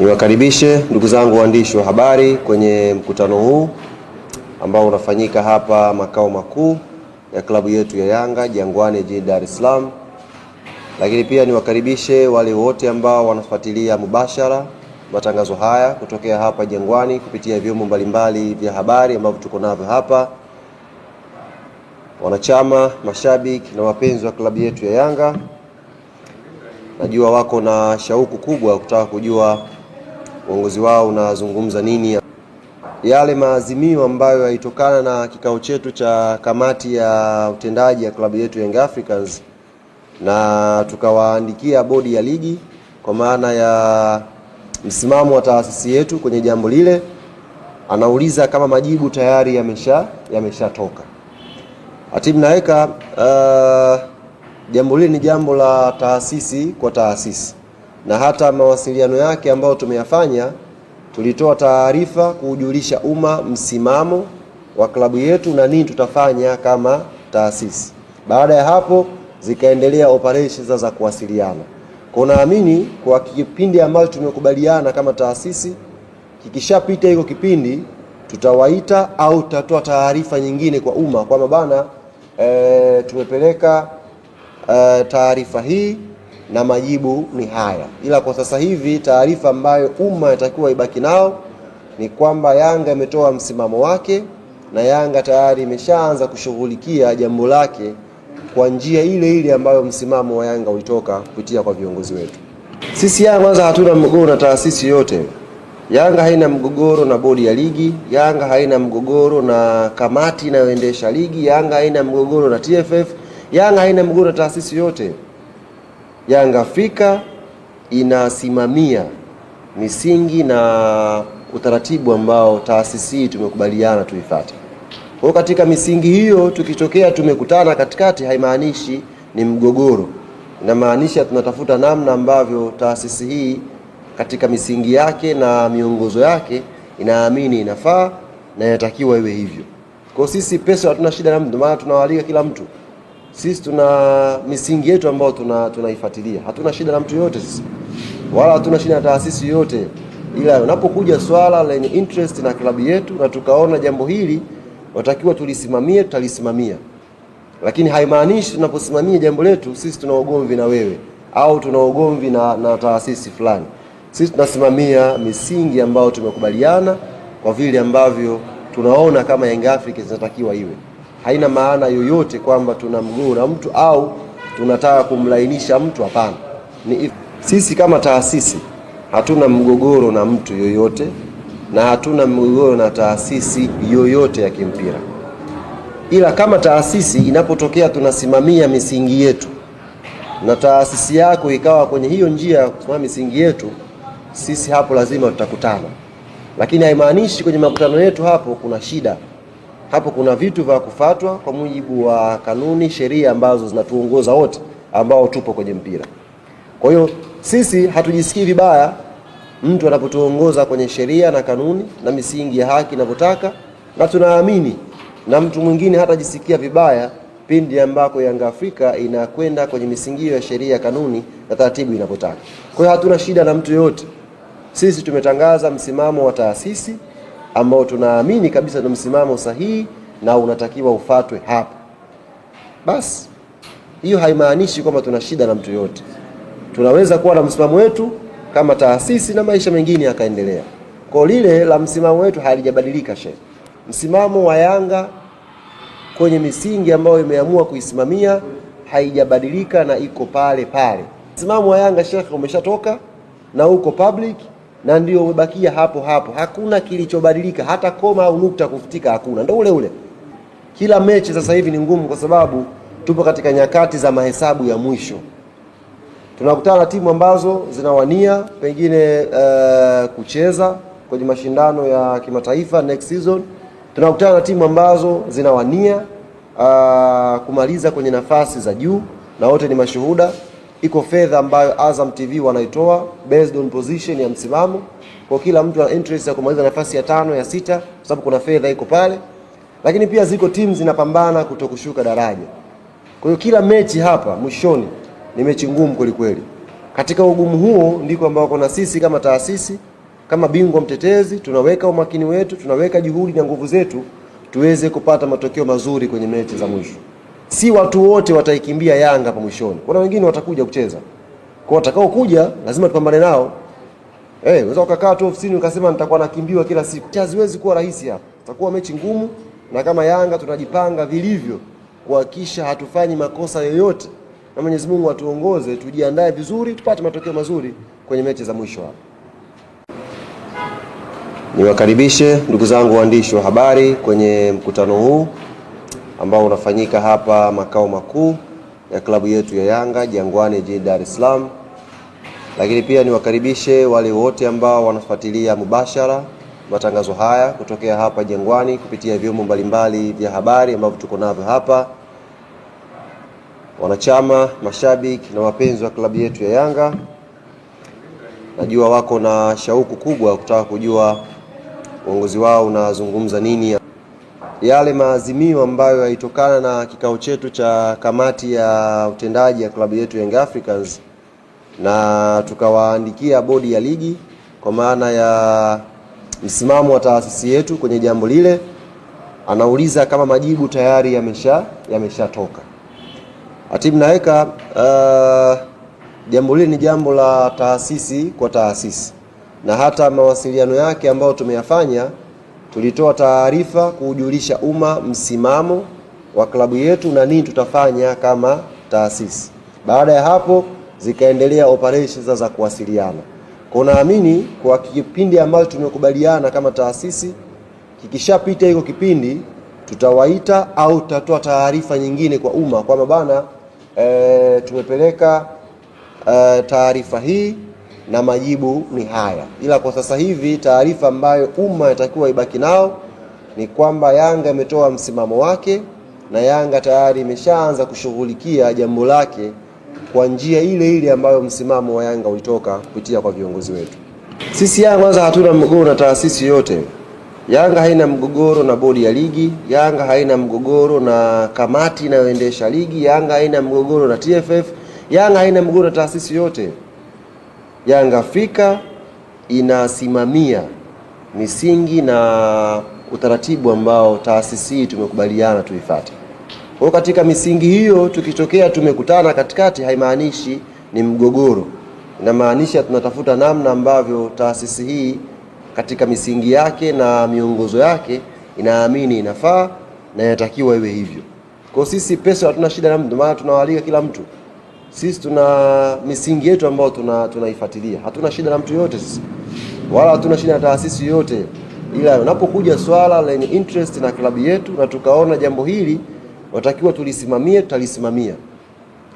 Niwakaribishe ndugu zangu waandishi wa habari kwenye mkutano huu ambao unafanyika hapa makao makuu ya klabu yetu ya Yanga Jangwani jijini Dar es Salaam, lakini pia niwakaribishe wale wote ambao wanafuatilia mubashara matangazo haya kutokea hapa Jangwani kupitia vyombo mbalimbali vya habari ambavyo tuko navyo hapa. Wanachama, mashabiki na wapenzi wa klabu yetu ya Yanga najua wako na shauku kubwa kutaka kujua uongozi wao unazungumza nini, yale maazimio ambayo yalitokana na kikao chetu cha kamati ya utendaji ya klabu yetu Young Africans, na tukawaandikia bodi ya ligi kwa maana ya msimamo wa taasisi yetu kwenye jambo lile. Anauliza kama majibu tayari yamesha yameshatoka. Hatibu naweka uh, jambo lile ni jambo la taasisi kwa taasisi na hata mawasiliano yake ambayo tumeyafanya, tulitoa taarifa kuujulisha umma msimamo wa klabu yetu na nini tutafanya kama taasisi. Baada ya hapo, zikaendelea operesheni za, za kuwasiliana. Kwa naamini kwa kipindi ambacho tumekubaliana kama taasisi, kikishapita hiko kipindi tutawaita au tutatoa taarifa nyingine kwa umma kwamba bana, e, tumepeleka e, taarifa hii na majibu ni haya, ila kwa sasa hivi taarifa ambayo umma inatakiwa ibaki nao ni kwamba Yanga imetoa msimamo wake na Yanga tayari imeshaanza kushughulikia jambo lake kwa njia ile ile ambayo msimamo wa Yanga ulitoka kupitia kwa viongozi wetu. Sisi Yanga kwanza hatuna mgogoro na taasisi yote. Yanga haina mgogoro na bodi ya ligi, Yanga haina mgogoro na kamati inayoendesha ligi, Yanga haina mgogoro na TFF, Yanga haina mgogoro na taasisi yote. Yanga afrika inasimamia misingi na utaratibu ambao taasisi hii tumekubaliana tuifuate. Kwa hiyo katika misingi hiyo, tukitokea tumekutana katikati, haimaanishi ni mgogoro, inamaanisha tunatafuta namna ambavyo taasisi hii katika misingi yake na miongozo yake inaamini inafaa na inatakiwa iwe hivyo. Kwa sisi pesa hatuna shida na mtu, maana tunawalika kila mtu sisi tuna misingi yetu ambayo tunaifuatilia, hatuna shida na mtu yoyote sisi, wala hatuna shida na taasisi yoyote, ila unapokuja swala lenye interest na klabu yetu na tukaona jambo hili watakiwa tulisimamie, tutalisimamia, lakini haimaanishi tunaposimamia jambo letu sisi tuna ugomvi na wewe au tuna ugomvi na, na taasisi fulani. Sisi tunasimamia misingi ambayo tumekubaliana kwa vile ambavyo tunaona kama Young Africans inatakiwa iwe haina maana yoyote kwamba tunamgura mtu au tunataka kumlainisha mtu, hapana. Ni sisi kama taasisi hatuna mgogoro na mtu yoyote na hatuna mgogoro na taasisi yoyote ya kimpira, ila kama taasisi inapotokea tunasimamia misingi yetu na taasisi yako ikawa kwenye hiyo njia ya kusimamia misingi yetu, sisi hapo lazima tutakutana, lakini haimaanishi kwenye makutano yetu hapo kuna shida hapo kuna vitu vya kufatwa kwa mujibu wa kanuni, sheria ambazo zinatuongoza wote ambao tupo kwenye mpira. Kwa hiyo sisi hatujisikii vibaya mtu anapotuongoza kwenye sheria na kanuni na misingi ya haki inavyotaka, na tunaamini na mtu mwingine hatajisikia vibaya pindi ambako Yanga Afrika inakwenda kwenye misingio ya sheria, kanuni na taratibu inavyotaka. Kwa hiyo hatuna shida na mtu yoyote. Sisi tumetangaza msimamo wa taasisi ambao tunaamini kabisa na msimamo sahihi na unatakiwa ufatwe hapa. Basi hiyo haimaanishi kwamba tuna shida na mtu yoyote, tunaweza kuwa na msimamo wetu kama taasisi na maisha mengine yakaendelea. Kwa lile la msimamo wetu halijabadilika. Shehe, msimamo wa Yanga kwenye misingi ambayo imeamua kuisimamia haijabadilika na iko pale pale. Msimamo wa Yanga Sheikh umeshatoka na uko public na ndio umebakia hapo hapo, hakuna kilichobadilika, hata koma au nukta kufutika hakuna, ndio ule ule. Kila mechi sasa hivi ni ngumu, kwa sababu tupo katika nyakati za mahesabu ya mwisho. Tunakutana na timu ambazo zinawania pengine uh, kucheza kwenye mashindano ya kimataifa next season. Tunakutana na timu ambazo zinawania uh, kumaliza kwenye nafasi za juu, na wote ni mashuhuda iko fedha ambayo Azam TV wanaitoa based on position ya msimamo, kwa kila mtu ana interest ya kumaliza nafasi ya tano ya sita, kwa sababu kuna fedha iko pale, lakini pia ziko timu zinapambana kutokushuka daraja. Kwa hiyo kila mechi hapa mwishoni ni mechi ngumu kwelikweli. Katika ugumu huo ndiko ambao kuna sisi kama taasisi kama bingwa mtetezi tunaweka umakini wetu, tunaweka juhudi na nguvu zetu tuweze kupata matokeo mazuri kwenye mechi za mwisho si watu wote wataikimbia Yanga hapo mwishoni. Kuna wengine watakuja kucheza, kwa watakao kuja lazima tupambane nao. Eh, unaweza ukakaa tu ofisini ukasema nitakuwa nakimbiwa kila siku, haziwezi kuwa rahisi hapa. Itakuwa mechi ngumu, na kama Yanga tunajipanga vilivyo kuhakikisha hatufanyi makosa yoyote, na Mwenyezi Mungu atuongoze, tujiandae vizuri, tupate matokeo mazuri kwenye mechi za mwisho hapa. Niwakaribishe ndugu zangu waandishi wa habari kwenye mkutano huu ambao unafanyika hapa makao makuu ya klabu yetu ya Yanga Jangwani jijini Dar es Salaam. Lakini pia niwakaribishe wale wote ambao wanafuatilia mubashara matangazo haya kutokea hapa Jangwani kupitia vyombo mbalimbali vya habari ambavyo tuko navyo hapa. Wanachama, mashabiki na wapenzi wa klabu yetu ya Yanga, najua wako na shauku kubwa kutaka kujua uongozi wao unazungumza nini yale maazimio ambayo yalitokana na kikao chetu cha kamati ya utendaji ya klabu yetu Young Africans, na tukawaandikia bodi ya ligi kwa maana ya msimamo wa taasisi yetu kwenye jambo lile. Anauliza kama majibu tayari yamesha yameshatoka. Hatibu naweka uh, jambo lile ni jambo la taasisi kwa taasisi, na hata mawasiliano yake ambayo tumeyafanya tulitoa taarifa kuujulisha umma msimamo wa klabu yetu na nini tutafanya kama taasisi. Baada ya hapo zikaendelea operations za kuwasiliana. Kwa naamini kwa kipindi ambacho tumekubaliana kama taasisi, kikishapita hiko kipindi tutawaita au tutatoa taarifa nyingine kwa umma kwamba bana, e, tumepeleka e, taarifa hii na majibu ni haya, ila kwa sasa hivi taarifa ambayo umma inatakiwa ibaki nao ni kwamba Yanga imetoa msimamo wake na Yanga tayari imeshaanza kushughulikia jambo lake kwa njia ile ile ambayo msimamo wa Yanga ulitoka kupitia kwa viongozi wetu. Sisi Yanga kwanza hatuna mgogoro na taasisi yote. Yanga haina mgogoro na bodi ya ligi, Yanga haina mgogoro na kamati inayoendesha ligi, Yanga haina mgogoro na TFF, Yanga haina mgogoro na taasisi yote. Young Africa inasimamia misingi na utaratibu ambao taasisi hii tumekubaliana tuifuate. Kwa hiyo katika misingi hiyo, tukitokea tumekutana katikati, haimaanishi ni mgogoro, inamaanisha tunatafuta namna ambavyo taasisi hii katika misingi yake na miongozo yake inaamini inafaa na inatakiwa iwe hivyo. Kwa sisi pesa hatuna shida na mtu, maana tunawaalika kila mtu sisi tuna misingi yetu ambayo tunaifuatilia, hatuna shida na mtu yote sisi, wala hatuna shida na taasisi yote, ila unapokuja swala lenye interest na klabu yetu na tukaona jambo hili watakiwa tulisimamie, tutalisimamia,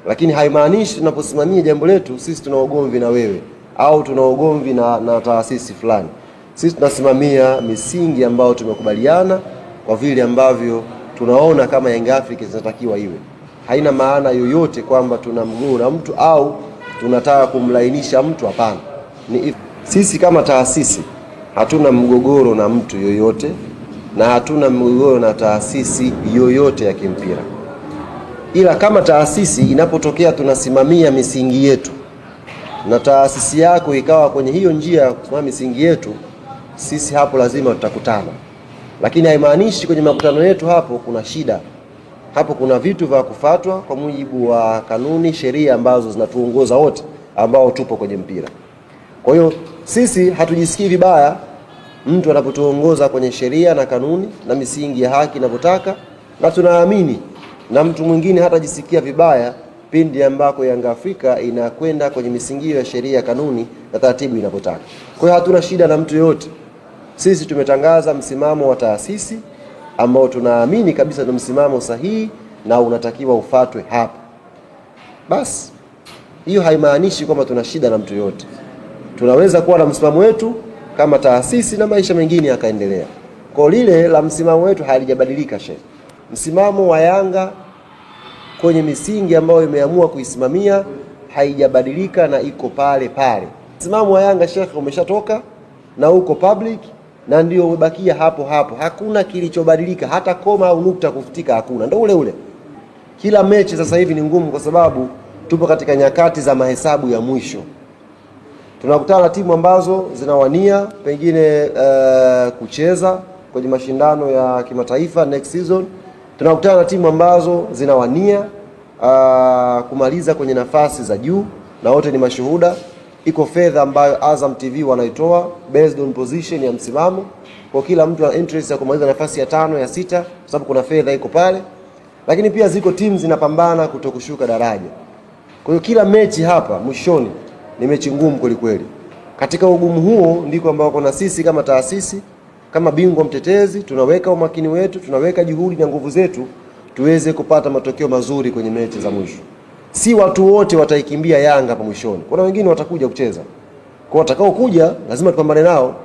lakini haimaanishi tunaposimamia jambo letu sisi tuna ugomvi na wewe au tuna ugomvi na, na taasisi fulani. Sisi tunasimamia misingi ambayo tumekubaliana kwa vile ambavyo tunaona kama Young Africans inatakiwa iwe haina maana yoyote kwamba tunamng'ura mtu au tunataka kumlainisha mtu, hapana. Ni sisi kama taasisi hatuna mgogoro na mtu yoyote na hatuna mgogoro na taasisi yoyote ya kimpira, ila kama taasisi inapotokea tunasimamia misingi yetu na taasisi yako ikawa kwenye hiyo njia ya kusimamia misingi yetu, sisi hapo lazima tutakutana, lakini haimaanishi kwenye makutano yetu hapo kuna shida hapo kuna vitu vya kufatwa kwa mujibu wa kanuni, sheria ambazo zinatuongoza wote ambao tupo kwenye mpira. Kwa hiyo sisi hatujisikii vibaya mtu anapotuongoza kwenye sheria na kanuni na misingi ya haki inavyotaka, na tunaamini na mtu mwingine hatajisikia vibaya pindi ambako Yanga Afrika inakwenda kwenye misingi ya sheria, kanuni na taratibu inavyotaka. Kwa hiyo hatuna shida na mtu yoyote. Sisi tumetangaza msimamo wa taasisi ambao tunaamini kabisa ni msimamo sahihi na unatakiwa ufatwe hapa. Basi hiyo haimaanishi kwamba tuna shida na mtu yote, tunaweza kuwa na msimamo wetu kama taasisi na maisha mengine yakaendelea. Kwa lile la msimamo wetu halijabadilika shehe, msimamo wa Yanga kwenye misingi ambayo imeamua kuisimamia haijabadilika na iko pale pale. Msimamo wa Yanga shekhe umeshatoka na uko public na ndio umebakia hapo hapo, hakuna kilichobadilika, hata koma au nukta kufutika hakuna, ndio ule ule. Kila mechi sasa hivi ni ngumu, kwa sababu tupo katika nyakati za mahesabu ya mwisho. Tunakutana na timu ambazo zinawania pengine uh, kucheza kwenye mashindano ya kimataifa next season. Tunakutana na timu ambazo zinawania uh, kumaliza kwenye nafasi za juu, na wote ni mashuhuda iko fedha ambayo Azam TV wanaitoa based on position ya msimamo, kwa kila mtu ana interest ya kumaliza nafasi ya tano ya sita, kwa sababu kuna fedha iko pale. Lakini pia ziko timu zinapambana kutokushuka daraja. Kwa hiyo kila mechi hapa mwishoni ni mechi ngumu kwelikweli. Katika ugumu huo ndiko ambao kuna sisi kama taasisi kama bingwa mtetezi tunaweka umakini wetu, tunaweka juhudi na nguvu zetu tuweze kupata matokeo mazuri kwenye mechi za mwisho si watu wote wataikimbia Yanga hapa mwishoni. Kuna wengine watakuja kucheza, kwa watakao kuja lazima tupambane nao.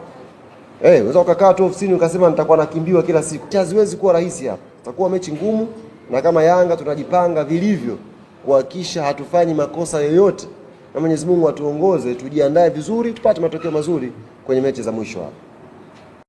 Eh, hey, unaweza ukakaa tu ofisini ukasema nitakuwa nakimbiwa kila siku. Haziwezi kuwa rahisi hapa. Itakuwa mechi ngumu na kama Yanga tunajipanga vilivyo kuhakikisha hatufanyi makosa yoyote, na Mwenyezi Mungu atuongoze, tujiandae vizuri, tupate matokeo mazuri kwenye mechi za mwisho hapa.